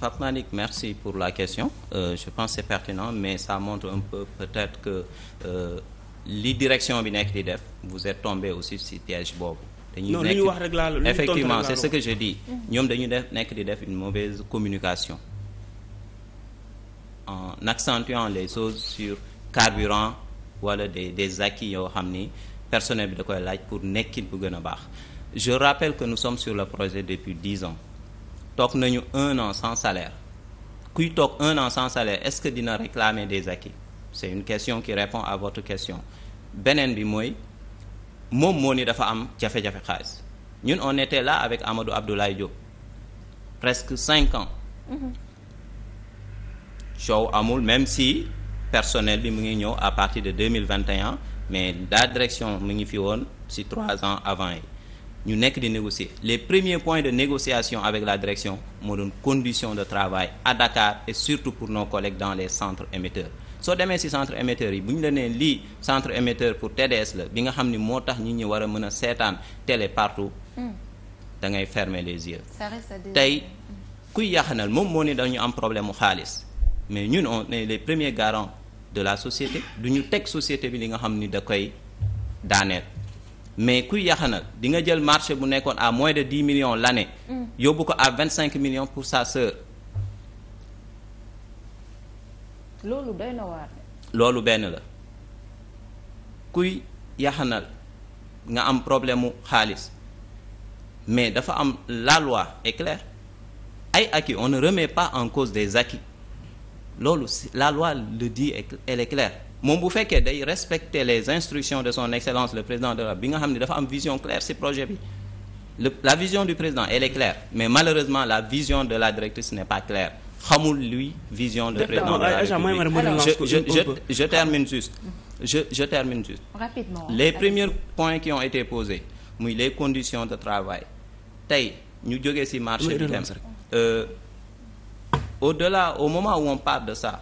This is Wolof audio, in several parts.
Pape Malick merci pour la question euh, je pense c'est pertinent mais ça montre un peu peut-être que euh, li direction bi nekk di def vous êtes tombé aussi si piège boobu dañuy non li ñu wax rek laa la effectivement c'est ce que je dis ñoom dañu def nekk di def une mauvaise communication en accentuant les choses sur carburant wala des des acquis yoo xam ni personnel bi da koy laaj pour nekkin bu gën a baax je rappelle que nous sommes sur le projet depuis dix ans toog nañu un an sans salaire kuy toog un an sans salaire est-ce que dina réclamer des acquis c'est une question qui répond à votre question beneen bi mooy moom moo ni dafa am jafe-jafe xaalis ñun on était la avec Amadou Abdoulaye Diop presque cinq ans mhm. coow amul même si personnel bi mu ngi ñëw à partir de deux mille vingt et mais la direction mu ngi fi woon ci trois ans avant yi ñu nekk di négocier les premiers points de négociation avec la direction moo doon condition de travail à Dakar et surtout pour no collègues dans les centre émetteurs soo demee ci centre émetteur yi bu ñu la nee lii centre émetteur pour TDS la bi nga xam ni moo tax nit ñi war a mën a seetaan télé partout hmm. da ngay fermer les yeux tey kuy yaxanal moom moo ni dañu am problème mu xaalis mais ñun on est les premiers garants de la société du ñu teg société bi li nga xam ni da koy daaneel mais kuy yaxanal di nga jël marché bu nekkoon à moins de dix millions l'année. Mm. yóbbu ko à vingt cinq millions pour sa sœur. loolu doy na waar. loolu benn la kuy yaxanal nga am problème mu xaalis mais dafa am la loi est claire ay acquis on ne remet pas en cause des acquis. loolu la loi le dit et est claire moom bu fekkee day respecter les instructions de son excellence le président de la bi nga xam ne dafa am vision claire ci projet bi la vision du président elle est claire mais malheureusement la vision de la directrice n'est pas claire xamul lui vision de président de la République je, je, je, je termine juste les premiers points qui ont été posés muy les conditions de travail tey ñu jógee ci marché bi dem au-delà au moment où on parle de ça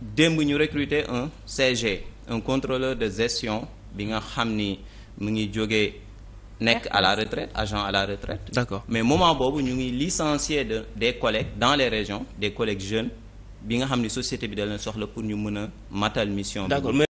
démb ñu recruter un CG un contrôleur de gestion bi nga xam ni mu ngi jógee nekk à la retraite agent à la retraite d'accord mais moment boobu ñu ngi licencier de des collègues dans les régions des collègues jeunes bi nga xam ni société bi dal leen soxla pour ñu mën a matal mission bi